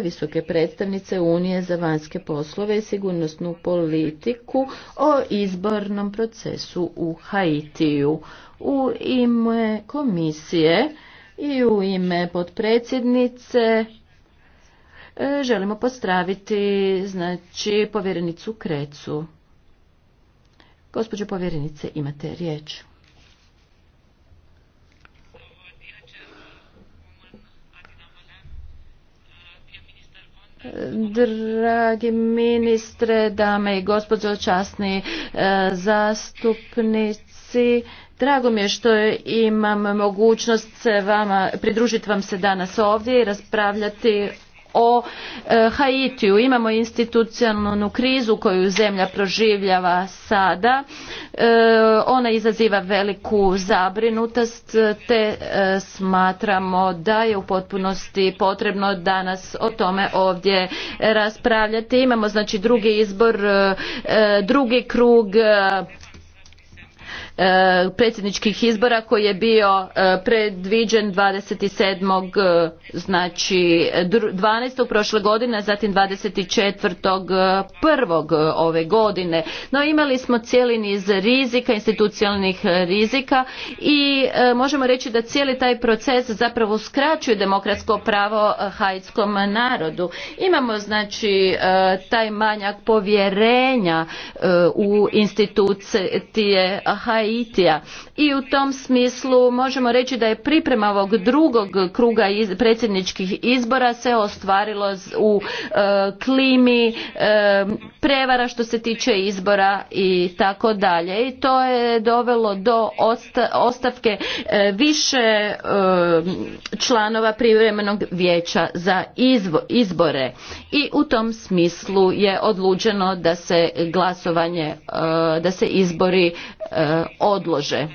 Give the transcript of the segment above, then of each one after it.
visoke predstavnice Unije za vanjske poslove i sigurnosnu politiku o izbornom procesu u Haitiju. U ime komisije i u ime potpredsjednice e, želimo postraviti znači povjerenicu Krecu. Gospođo povjerenice, imate riječ. Dragi ministre, dame i gospodo časni e, zastupnici, Drago mi je što imam mogućnost vama, pridružiti vam se danas ovdje i raspravljati o e, Haitiju. Imamo institucionalnu krizu koju zemlja proživljava sada. E, ona izaziva veliku zabrinutost te e, smatramo da je u potpunosti potrebno danas o tome ovdje raspravljati. Imamo znači drugi izbor, drugi krug E, predsjedničkih izbora koji je bio e, predviđen 27. E, znači 12. prošle godine, zatim 24. prvog ove godine. No imali smo cijeli niz rizika, institucionalnih rizika i možemo reći da cijeli taj proces zapravo skraćuje demokratsko pravo haitskom narodu. Imamo znači taj manjak povjerenja u institucije hajskog Haitija. I u tom smislu možemo reći da je priprema ovog drugog kruga predsjedničkih izbora se ostvarilo u e, klimi e, prevara što se tiče izbora i tako dalje. I to je dovelo do ostavke e, više članova privremenog vijeća za izbore. I u tom smislu je odlučeno da se glasovanje, da se izbori odlože.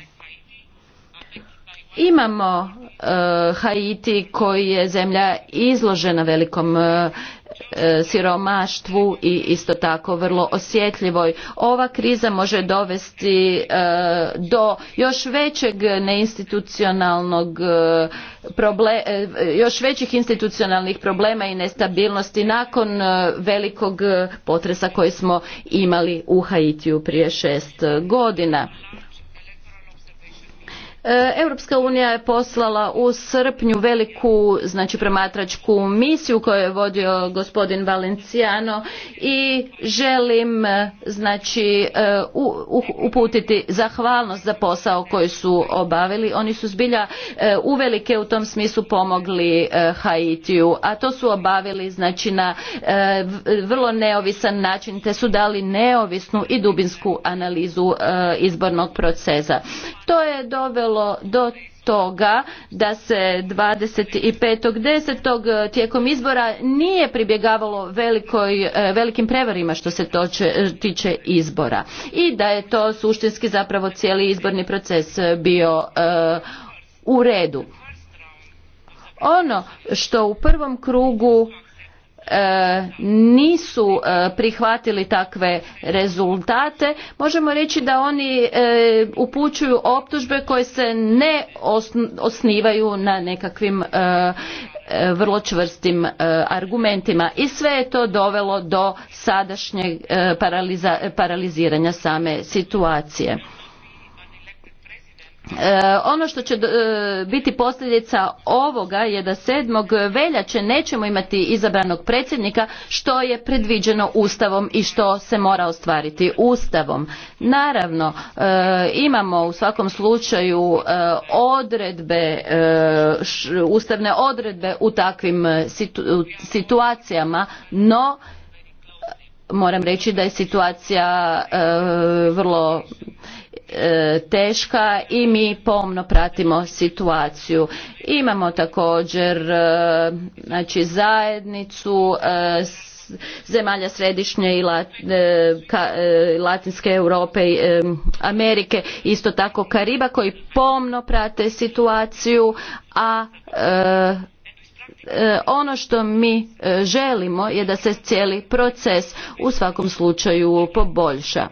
Imamo e, Haiti koji je zemlja izložena velikom e, e, siromaštvu i isto tako vrlo osjetljivoj. Ova kriza može dovesti do još većeg neinstitucionalnog problema još većih institucionalnih problema i nestabilnosti nakon velikog potresa koji smo imali u Haitiju prije šest godina. E, Europska unija je poslala u srpnju veliku znači promatračku misiju koju je vodio gospodin Valenciano i želim e, znači e, uputiti zahvalnost za posao koji su obavili. Oni su zbilja uvelike u tom smislu pomogli Haitiju, a to su obavili znači, na vrlo neovisan način te su dali neovisnu i dubinsku analizu izbornog procesa. To je dovelo do toga da se 25.10. Eh, tijekom izbora nije pribjegavalo velikoj, eh, velikim prevarima što se to eh, tiče izbora i da je to suštinski zapravo cijeli izborni proces bio u redu. Ono što u prvom krugu E, nisu e, prihvatili takve rezultate možemo reći da oni e, upućuju optužbe koje se ne osnivaju na nekakvim vrlo čvrstim argumentima i sve je to dovelo do sadašnjeg paraliziranja same situacije Eh, ono što će eh, biti posljedica ovoga je da 7. veljače nećemo imati izabranog predsjednika što je predviđeno Ustavom i što se mora ostvariti Ustavom. Naravno, eh, imamo u svakom slučaju odredbe, ustavne odredbe u takvim situacijama, no moram reći da je situacija vrlo teška i mi pomno pratimo situaciju. Imamo također e, znači, zajednicu e, zemalja središnje i e, latinske Europe i Amerike, isto tako Kariba koji pomno prate situaciju, a ono što mi želimo je da se cijeli proces u svakom slučaju poboljša.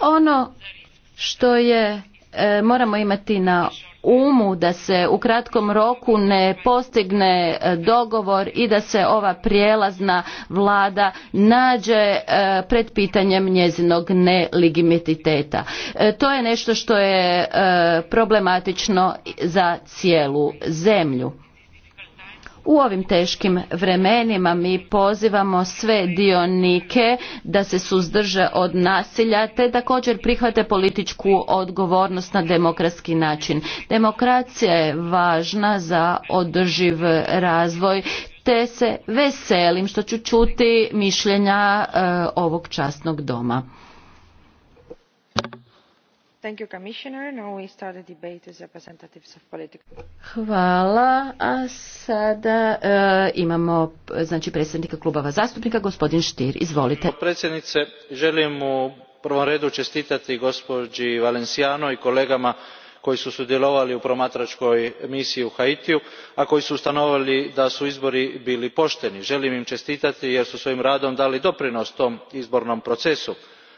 Ono što je e, moramo imati na umu da se u kratkom roku ne postigne e, dogovor i da se ova prijelazna vlada nađe e, pred pitanjem njezinog nelegimititeta. To je nešto što je problematično za cijelu zemlju. U ovim teškim vremenima mi pozivamo sve dionike da se suzdrže od nasilja te također prihvate političku odgovornost na demokratski način. Demokracija je važna za održiv razvoj te se veselim što ću čuti mišljenja e, ovog časnog doma. Hvala. A sada e, imamo znači predsjednika klubova zastupnika, gospodin Štir. Izvolite. Predsjednice, želim u prvom redu čestitati gospođi Valenciano i kolegama koji su sudjelovali u promatračkoj misiji u haitiju a koji su ustanovili da su izbori bili pošteni. želim im čestitati jer su svojim radom dali doprinos tom izbornom procesu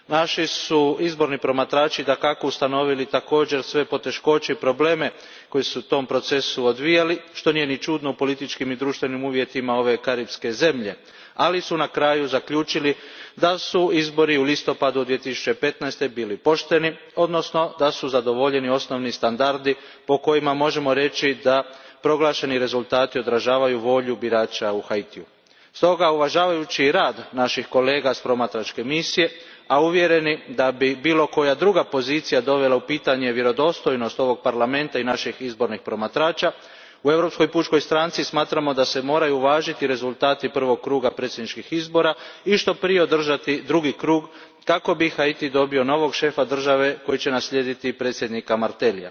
naši su izborni promatrači dakako ustanovili također sve poteškoće i probleme koji su se u tom procesu odvijali što nije ni čudno u političkim i društvenim uvjetima ove karipske zemlje ali su na kraju zaključili da su izbori u listopadu. two thousand and fifteen bili pošteni odnosno da su zadovoljeni osnovni standardi po kojima možemo reći da proglašeni rezultati odražavaju volju birača u haitiju. stoga uvažavajući rad naših kolega s promatračke misije a uvjereni da bi bilo koja druga pozicija dovela u pitanje vjerodostojnost ovog parlamenta i naših izbornih promatrača u europskoj pučkoj stranci smatramo da se moraju uvažiti rezultati prvog kruga predsjedničkih izbora i što prije održati drugi krug kako bi haiti dobio novog šefa države koji će naslijediti predsjednika Martelija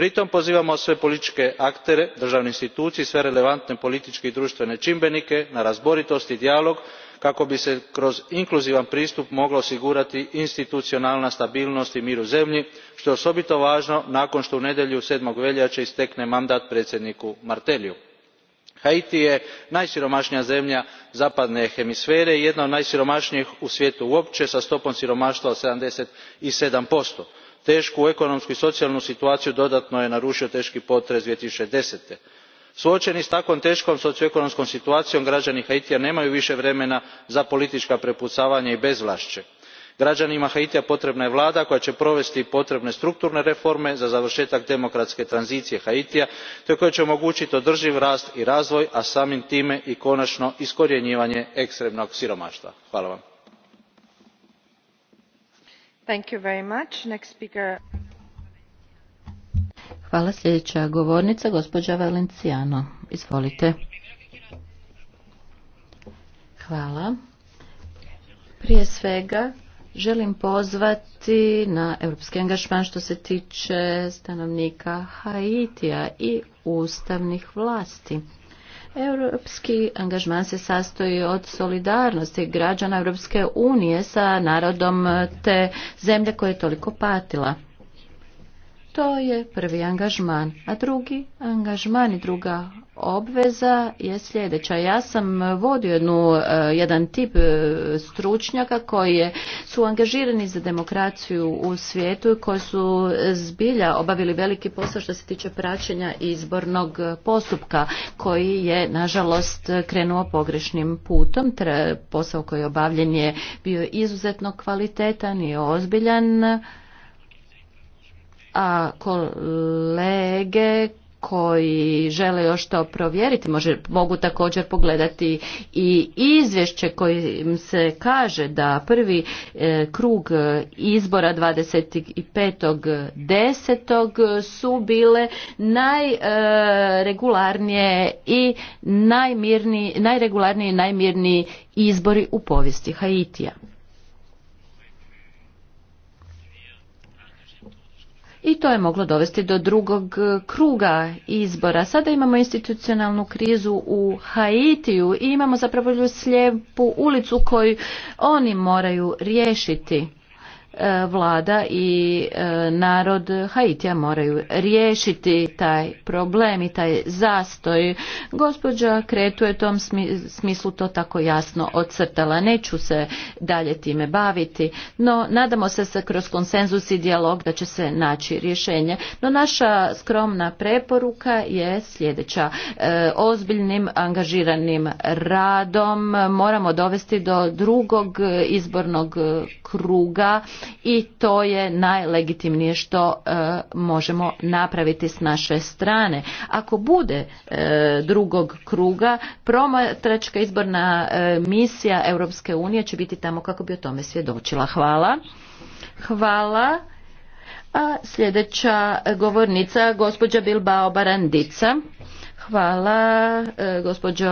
pritom pozivamo sve političke aktere državne institucije i sve relevantne političke i društvene čimbenike na razboritost i dijalog kako bi se kroz inkluzivan pristup mogla osigurati institucionalna stabilnost i mir u zemlji što je osobito važno nakon što u nedjelju. seven veljače istekne mandat predsjedniku Martelju. haiti je najsiromašnija zemlja zapadne hemisfere i jedna od najsiromašnijih u svijetu uopće sa stopom siromaštva od seventy seven tešku ekonomsku i socijalnu situaciju dodatno je narušio teški potres. two thousand and suočeni s takvom teškom socioekonomskom situacijom građani haitija nemaju više vremena za politička prepucavanja i bezvlašće. građanima haitija potrebna je vlada koja će provesti potrebne strukturne reforme za završetak demokratske tranzicije haitija te koja će omogućiti održiv rast i razvoj a samim time i konačno iskorjenjivanje ekstremnog siromaštva. hvala vam. Hvala sljedeća govornica, gospođa Valenciano. Izvolite. Hvala. Prije svega želim pozvati na europski angažman što se tiče stanovnika Haitija i ustavnih vlasti. Europski angažman se sastoji od solidarnosti građana Europske unije sa narodom te zemlje koje je toliko patila. To je prvi angažman, a drugi angažman i druga obveza je sljedeća. Ja sam vodio jednu, e, jedan tip e, stručnjaka koji je, su angažirani za demokraciju u svijetu i koji su zbilja obavili veliki posao što se tiče praćenja izbornog postupka koji je nažalost krenuo pogrešnim putom. Posao koji je obavljen je bio izuzetno kvalitetan i ozbiljan a kolege koji žele još to provjeriti može, mogu također pogledati i izvješće kojim se kaže da prvi e, krug e, izbora 25.10. su bile najregularnije e, i najmirni, najregularniji i najmirniji izbori u povijesti Haitija. i to je moglo dovesti do drugog e, kruga izbora. Sada imamo institucionalnu krizu u Haitiju i imamo zapravo slijepu ulicu koju oni moraju riješiti. E, vlada i e, narod Haitija moraju riješiti taj problem i taj zastoj. Gospođa Kretu je u tom smislu to tako jasno odcrtala. Neću se dalje time baviti, no nadamo se se kroz konsenzus i dijalog da će se naći rješenje. No naša skromna preporuka je sljedeća. E, ozbiljnim angažiranim radom moramo dovesti do drugog izbornog kruga i to je najlegitimnije što e, možemo napraviti s naše strane. Ako bude e, drugog kruga, promatračka izborna e, misija Europske unije će biti tamo kako bi o tome svjedočila. Hvala. Hvala. A sljedeća govornica, gospođa Bilbao Barandica. Hvala, e, gospođo,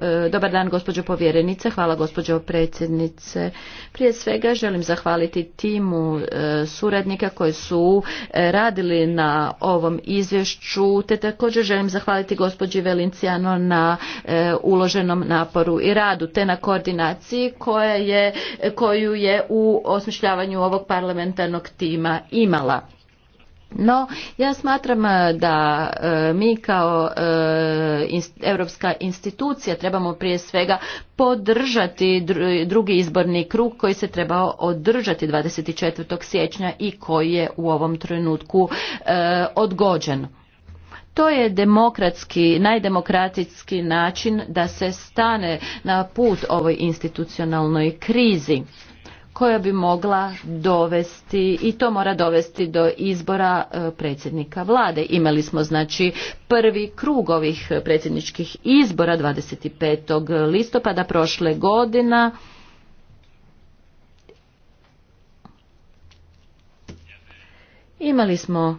e, dobar dan gospođo povjerenice, hvala gospođo predsjednice. Prije svega želim zahvaliti timu e, suradnika koji su radili na ovom izvješću, te također želim zahvaliti gospođi Velincijano na uloženom naporu i radu, te na koordinaciji koja je, koju je u osmišljavanju ovog parlamentarnog tima imala. No, ja smatram e, da e, mi kao europska institucija trebamo prije svega podržati drugi izborni krug koji se trebao održati 24. siječnja i koji je u ovom trenutku e, odgođen. To je demokratski, najdemokratski način da se stane na put ovoj institucionalnoj krizi koja bi mogla dovesti i to mora dovesti do izbora e, predsjednika vlade. Imali smo znači prvi krug ovih predsjedničkih izbora 25. listopada prošle godina. Imali smo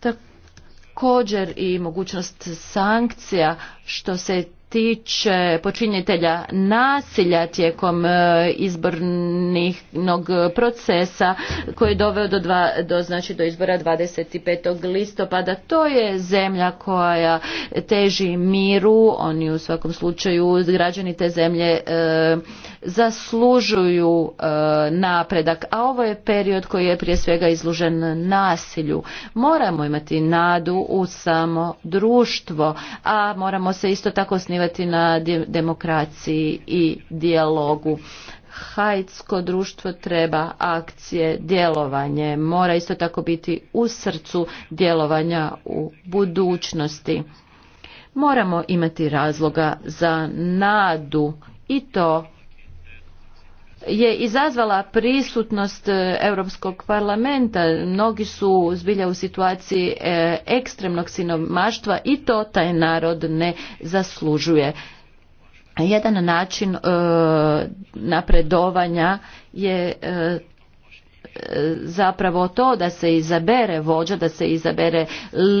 također i mogućnost sankcija što se tiče počinitelja nasilja tijekom e, izbornog procesa koji je doveo do, dva, do, znači, do izbora 25. listopada. To je zemlja koja teži miru, oni u svakom slučaju građani te zemlje e, zaslužuju e, napredak, a ovo je period koji je prije svega izlužen nasilju. Moramo imati nadu u samo društvo, a moramo se isto tako osnivati na demokraciji i dijalogu. Hajtsko društvo treba akcije, djelovanje, mora isto tako biti u srcu djelovanja u budućnosti. Moramo imati razloga za nadu i to je izazvala prisutnost e, Europskog parlamenta. Mnogi su zbilja u situaciji e, ekstremnog sinomaštva i to taj narod ne zaslužuje. Jedan način e, napredovanja je zapravo to da se izabere vođa, da se izabere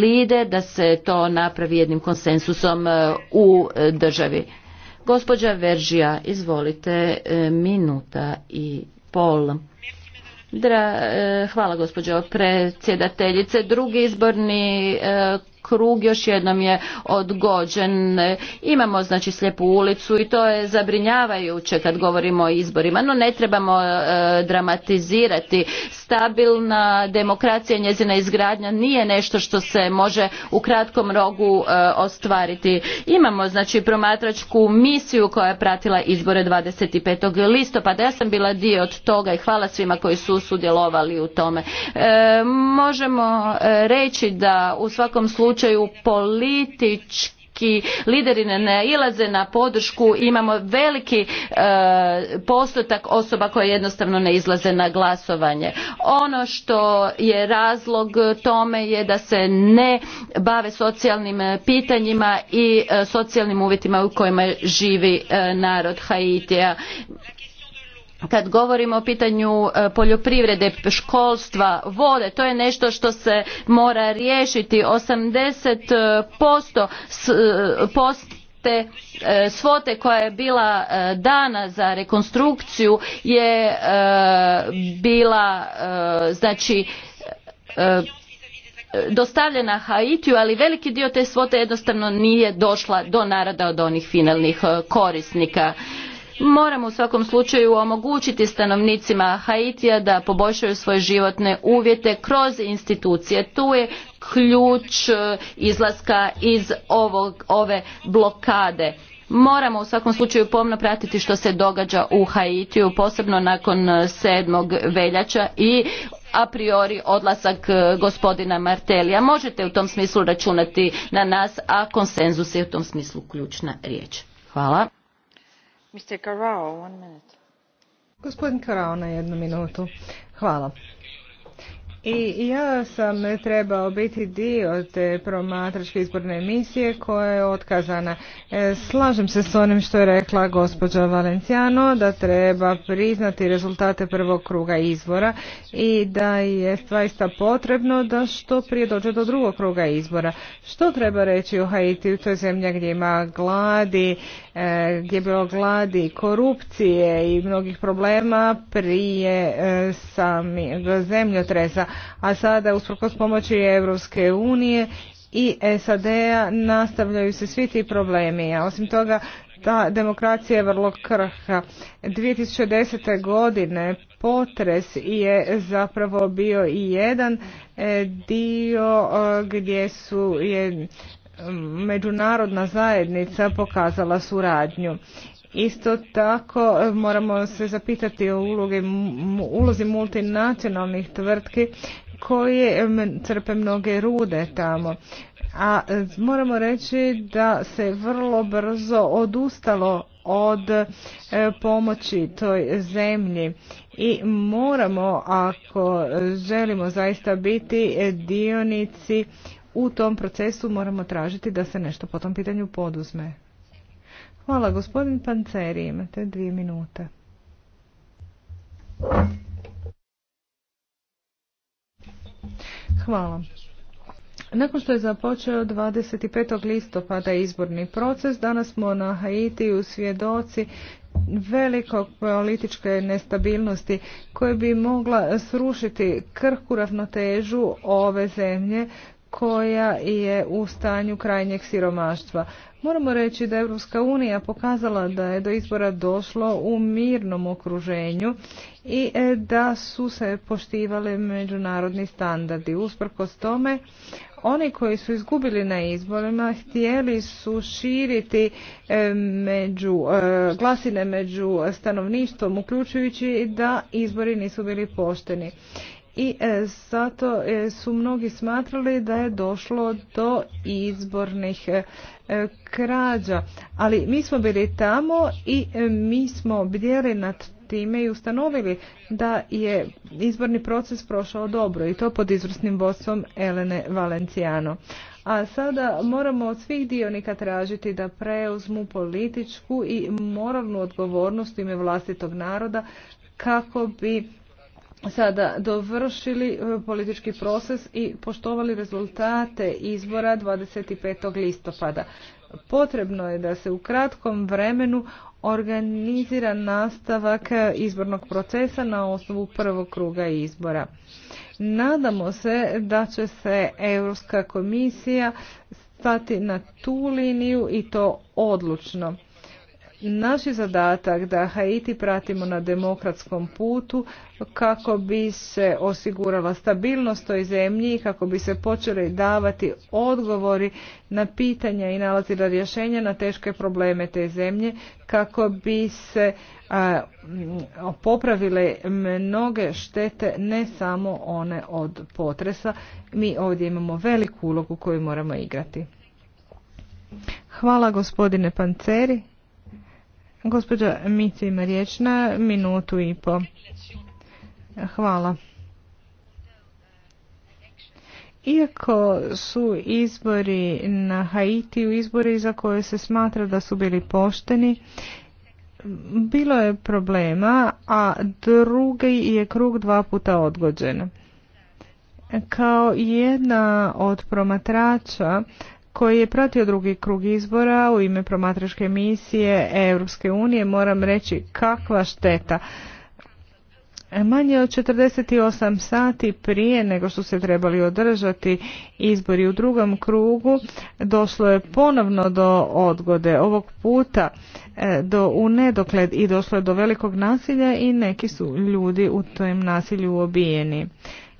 lider, da se to napravi jednim konsensusom u državi. Gospođa Veržija, izvolite, e, minuta i pol. E, hvala gospođo predsjedateljice. Drugi izborni e, krug još jednom je odgođen. Imamo znači slijepu ulicu i to je zabrinjavajuće kad govorimo o izborima, no ne trebamo e, dramatizirati. Stabilna demokracija i njezina izgradnja nije nešto što se može u kratkom rogu e, ostvariti. Imamo znači promatračku misiju koja je pratila izbore 25. listopada. Ja sam bila dio od toga i hvala svima koji su sudjelovali u tome. E, možemo reći da u svakom slučaju slučaju politički lideri ne nailaze na podršku imamo veliki e, postotak osoba koje jednostavno ne izlaze na glasovanje. ono što je razlog tome je da se ne bave socijalnim pitanjima i e, socijalnim uvjetima u kojima živi e, narod haitija kad govorimo o pitanju e, poljoprivrede, školstva, vode, to je nešto što se mora riješiti. 80% e, e, te svote koja je bila dana za rekonstrukciju je bila znači dostavljena Haitiju, ali veliki dio te svote jednostavno nije došla do naroda od onih finalnih korisnika. Moramo u svakom slučaju omogućiti stanovnicima Haitija da poboljšaju svoje životne uvjete kroz institucije. Tu je ključ e, izlaska iz ovog, ove blokade. Moramo u svakom slučaju pomno pratiti što se događa u Haitiju, posebno nakon 7. E, veljača i a priori odlasak e, gospodina Martelija. Možete u tom smislu računati na nas, a konsenzus je u tom smislu ključna riječ. Hvala. Gospodin na jednu minutu. Hvala. I ja sam trebao biti dio te promatračke izborne emisije koja je otkazana. E, slažem se s onim što je rekla gospođa Valenciano da treba priznati rezultate prvog kruga izbora i da je zaista potrebno da što prije dođe do drugog kruga izbora. Što treba reći o Haiti, to je zemlja gdje ima gladi, E, gdje je bilo gladi, korupcije i mnogih problema prije e, samih zemljotresa, a sada usprkos pomoći Europske unije i SAD-a nastavljaju se svi ti problemi, a osim toga ta demokracija je vrlo krha. 2010. godine potres je zapravo bio i jedan e, dio gdje su je međunarodna zajednica pokazala suradnju. Isto tako e, moramo se zapitati o ulozi multinacionalnih tvrtki koje crpe mnoge rude tamo. A e, moramo reći da se vrlo brzo odustalo od e, pomoći toj zemlji i moramo ako želimo zaista biti dionici u tom procesu moramo tražiti da se nešto po tom pitanju poduzme. Hvala, gospodin Panceri, imate dvije minute. Hvala. Nakon što je započeo 25. listopada izborni proces, danas smo na Haiti u svjedoci velikog političke nestabilnosti koja bi mogla srušiti krhku ravnotežu ove zemlje koja je u stanju krajnjeg siromaštva. Moramo reći da je Europska unija pokazala da je do izbora došlo u mirnom okruženju i e, da su se poštivali međunarodni standardi. Usprkos tome, oni koji su izgubili na izborima htjeli su širiti e, među, e, glasine među stanovništvom, uključujući da izbori nisu bili pošteni i e, zato e, su mnogi smatrali da je došlo do izbornih e, krađa. Ali mi smo bili tamo i mi smo bdjeli nad time i ustanovili da je izborni proces prošao dobro i to pod izvrsnim vodstvom Elene Valenciano. A sada moramo od svih dionika tražiti da preuzmu političku i moralnu odgovornost u ime vlastitog naroda kako bi sada dovršili e, politički proces i poštovali rezultate izbora 25. listopada. Potrebno je da se u kratkom vremenu organizira nastavak izbornog procesa na osnovu prvog kruga izbora. Nadamo se da će se Europska komisija stati na tu liniju i to odlučno. Naš je zadatak da Haiti pratimo na demokratskom putu kako bi se osigurala stabilnost toj zemlji i kako bi se počeli davati odgovori na pitanja i nalazila rješenja na teške probleme te zemlje kako bi se popravile mnoge štete ne samo one od potresa. Mi ovdje imamo veliku ulogu koju moramo igrati. Hvala gospodine Panceri. Gospođa Mici ima riječ na minutu i po. Hvala. Iako su izbori na Haiti u izbori za koje se smatra da su bili pošteni, bilo je problema, a drugi je krug dva puta odgođen. Kao jedna od promatrača koji je pratio drugi krug izbora u ime promatračke misije Europske unije, moram reći kakva šteta. Manje od 48 sati prije nego što se trebali održati izbori u drugom krugu, došlo je ponovno do odgode ovog puta e, do u nedokled i došlo je do velikog nasilja i neki su ljudi u tom nasilju ubijeni.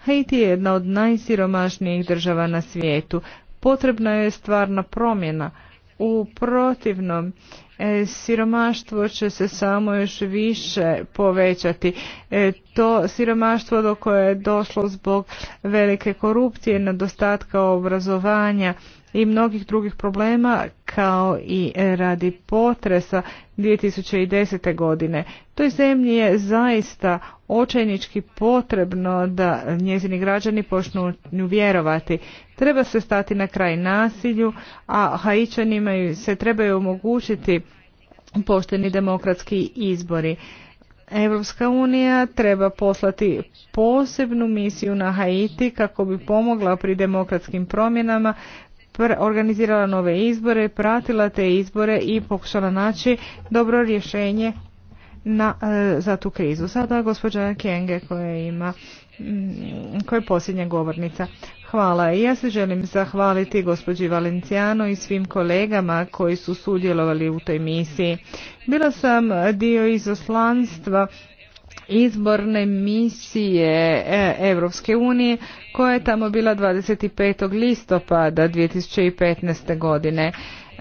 Haiti je jedna od najsiromašnijih država na svijetu. Potrebna je stvarna promjena. U protivnom, e, siromaštvo će se samo još više povećati. E, to siromaštvo do koje je došlo zbog velike korupcije, nedostatka obrazovanja i mnogih drugih problema kao i radi potresa 2010. godine. Toj zemlji je zaista očajnički potrebno da njezini građani počnu nju vjerovati. Treba se stati na kraj nasilju, a haičanima se trebaju omogućiti pošteni demokratski izbori. Europska unija treba poslati posebnu misiju na Haiti kako bi pomogla pri demokratskim promjenama organizirala nove izbore, pratila te izbore i pokušala naći dobro rješenje na, e, za tu krizu. Sada gospođa Kenge koja ima mm, koja je posljednja govornica. Hvala. I Ja se želim zahvaliti gospođi Valencijano i svim kolegama koji su sudjelovali u toj misiji. Bila sam dio izoslanstva izborne misije Europske unije koja je tamo bila 25. listopada 2015. godine.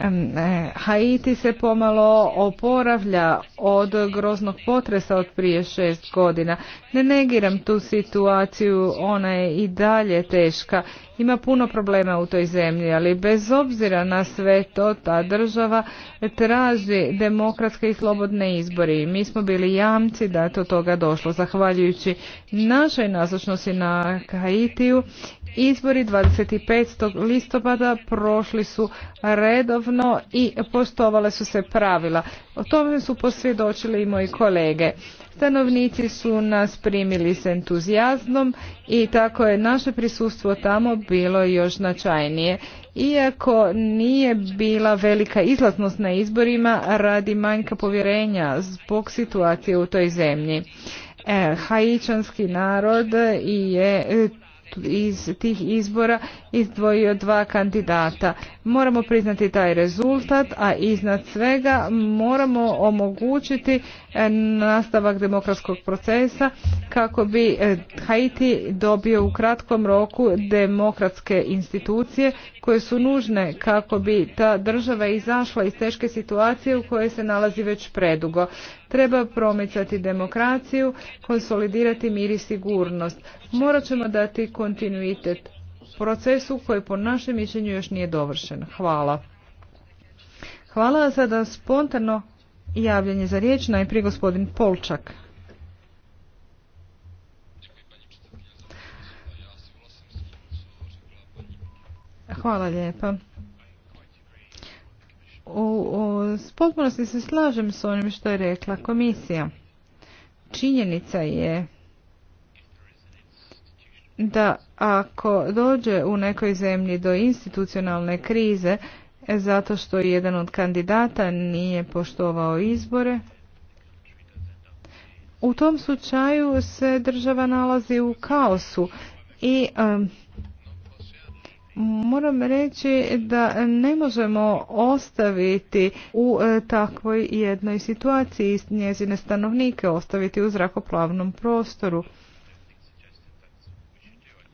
E, Haiti se pomalo oporavlja od groznog potresa od prije šest godina. Ne negiram tu situaciju, ona je i dalje teška. Ima puno problema u toj zemlji, ali bez obzira na sve to, ta država traži demokratske i slobodne izbori. Mi smo bili jamci da je to toga došlo. Zahvaljujući našoj nazočnosti na Haitiju Izbori 25. listopada prošli su redovno i postovale su se pravila. O tome su posvjedočili i moji kolege. Stanovnici su nas primili s entuzijazmom i tako je naše prisustvo tamo bilo još značajnije. Iako nije bila velika izlaznost na izborima radi manjka povjerenja zbog situacije u toj zemlji. E, haičanski narod je iz tih izbora izdvojio dva kandidata. Moramo priznati taj rezultat, a iznad svega moramo omogućiti e, nastavak demokratskog procesa kako bi e, Haiti dobio u kratkom roku demokratske institucije koje su nužne kako bi ta država izašla iz teške situacije u kojoj se nalazi već predugo. Treba promicati demokraciju, konsolidirati mir i sigurnost. Morat ćemo dati kontinuitet procesu koji po našem mišljenju još nije dovršen. Hvala. Hvala za spontano javljanje za riječ, najprije gospodin Polčak. Hvala lijepa u potpunosti se slažem s onim što je rekla komisija. Činjenica je da ako dođe u nekoj zemlji do institucionalne krize e, zato što jedan od kandidata nije poštovao izbore, u tom slučaju se država nalazi u kaosu i Moram reći da ne možemo ostaviti u e, takvoj jednoj situaciji njezine stanovnike ostaviti u zrakoplavnom prostoru.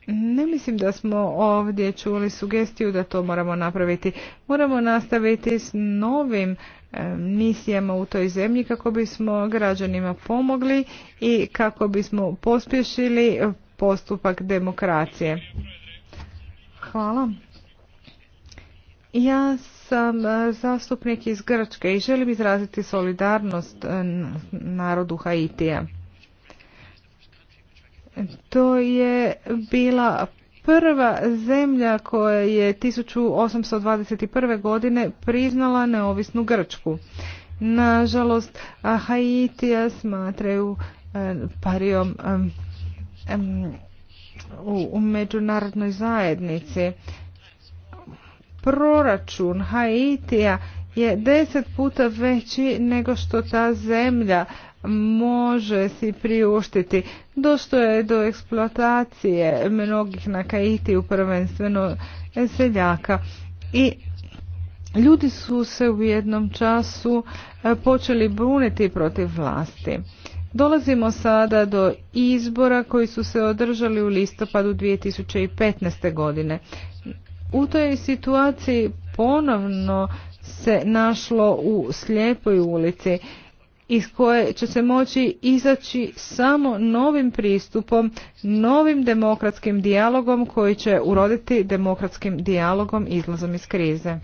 Ne mislim da smo ovdje čuli sugestiju da to moramo napraviti. Moramo nastaviti s novim e, misijama u toj zemlji kako bismo građanima pomogli i kako bismo pospješili postupak demokracije. Hvala. Ja sam e, zastupnik iz Grčke i želim izraziti solidarnost e, narodu Haitija. To je bila prva zemlja koja je 1821. godine priznala neovisnu Grčku. Nažalost, Haitija smatraju e, parijom u međunarodnoj zajednici. Proračun Haitija je deset puta veći nego što ta zemlja može si priuštiti. Došto je do eksploatacije mnogih na Haitiju prvenstveno seljaka. I ljudi su se u jednom času e, počeli buniti protiv vlasti. Dolazimo sada do izbora koji su se održali u listopadu 2015. godine. U toj situaciji ponovno se našlo u slijepoj ulici iz koje će se moći izaći samo novim pristupom, novim demokratskim dijalogom koji će uroditi demokratskim dijalogom izlazom iz krize.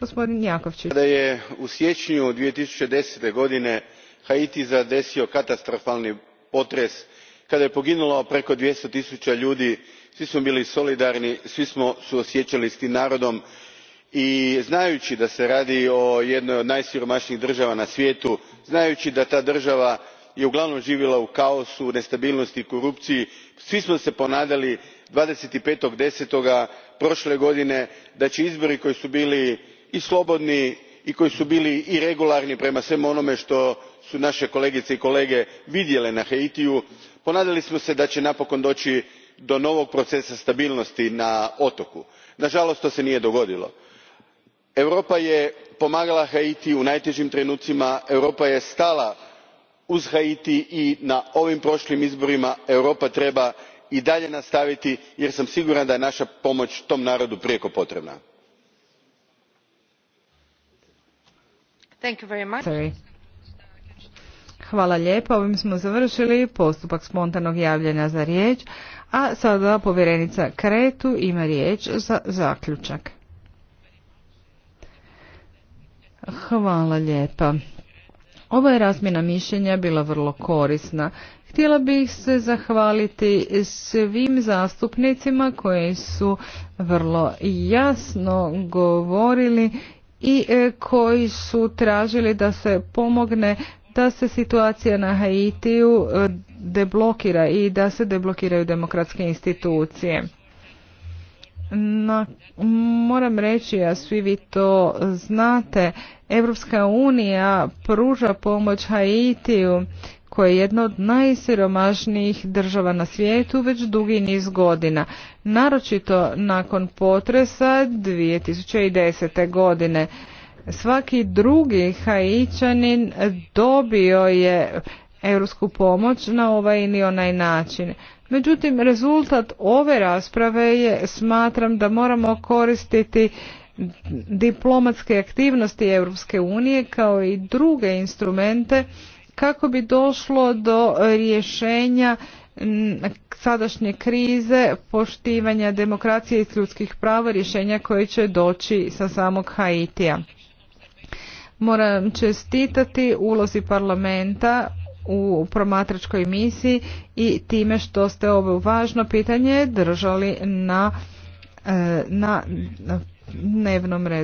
Gospodin Jakovčić. Kada je u siječnju 2010. godine haiti zadesio katastrofalni potres kada je poginulo preko dvjesto tisuća ljudi svi smo bili solidarni svi smo suosjećali s tim narodom i znajući da se radi o jednoj od najsiromašnijih država na svijetu znajući da ta država uglavnom živjela u kaosu nestabilnosti i korupciji svi smo se ponadali dvadeset i prošle godine da će izbori koji su bili i slobodni i koji su bili i regularni prema svemu onome što su naše kolegice i kolege vidjele na haitiju ponadali smo se da će napokon doći do novog procesa stabilnosti na otoku. nažalost to se nije dogodilo. europa je pomagala Haiti u najtežim trenucima europa je stala uz haiti i na ovim prošlim izborima europa treba i dalje nastaviti jer sam siguran da je naša pomoć tom narodu prijeko potrebna. Hvala lijepa. Ovim smo završili postupak spontanog javljanja za riječ, a sada povjerenica Kretu ima riječ za zaključak. Hvala lijepa. Ova je razmjena mišljenja bila vrlo korisna. Htjela bih se zahvaliti svim zastupnicima koji su vrlo jasno govorili i e, koji su tražili da se pomogne da se situacija na Haitiju e, deblokira i da se deblokiraju demokratske institucije. moram reći, a svi vi to znate, Evropska unija pruža pomoć Haitiju koja je jedna od najsiromašnijih država na svijetu već dugi niz godina, naročito nakon potresa 2010. godine svaki drugi Haičanin dobio je europsku pomoć na ovaj ili onaj način. Međutim, rezultat ove rasprave je, smatram da moramo koristiti diplomatske aktivnosti Europske unije kao i druge instrumente kako bi došlo do rješenja sadašnje krize, poštivanja demokracije i ljudskih prava, rješenja koje će doći sa samog Haitija. Moram čestitati ulozi parlamenta u promatračkoj misiji i time što ste ovo važno pitanje držali na, e, na dnevnom redu.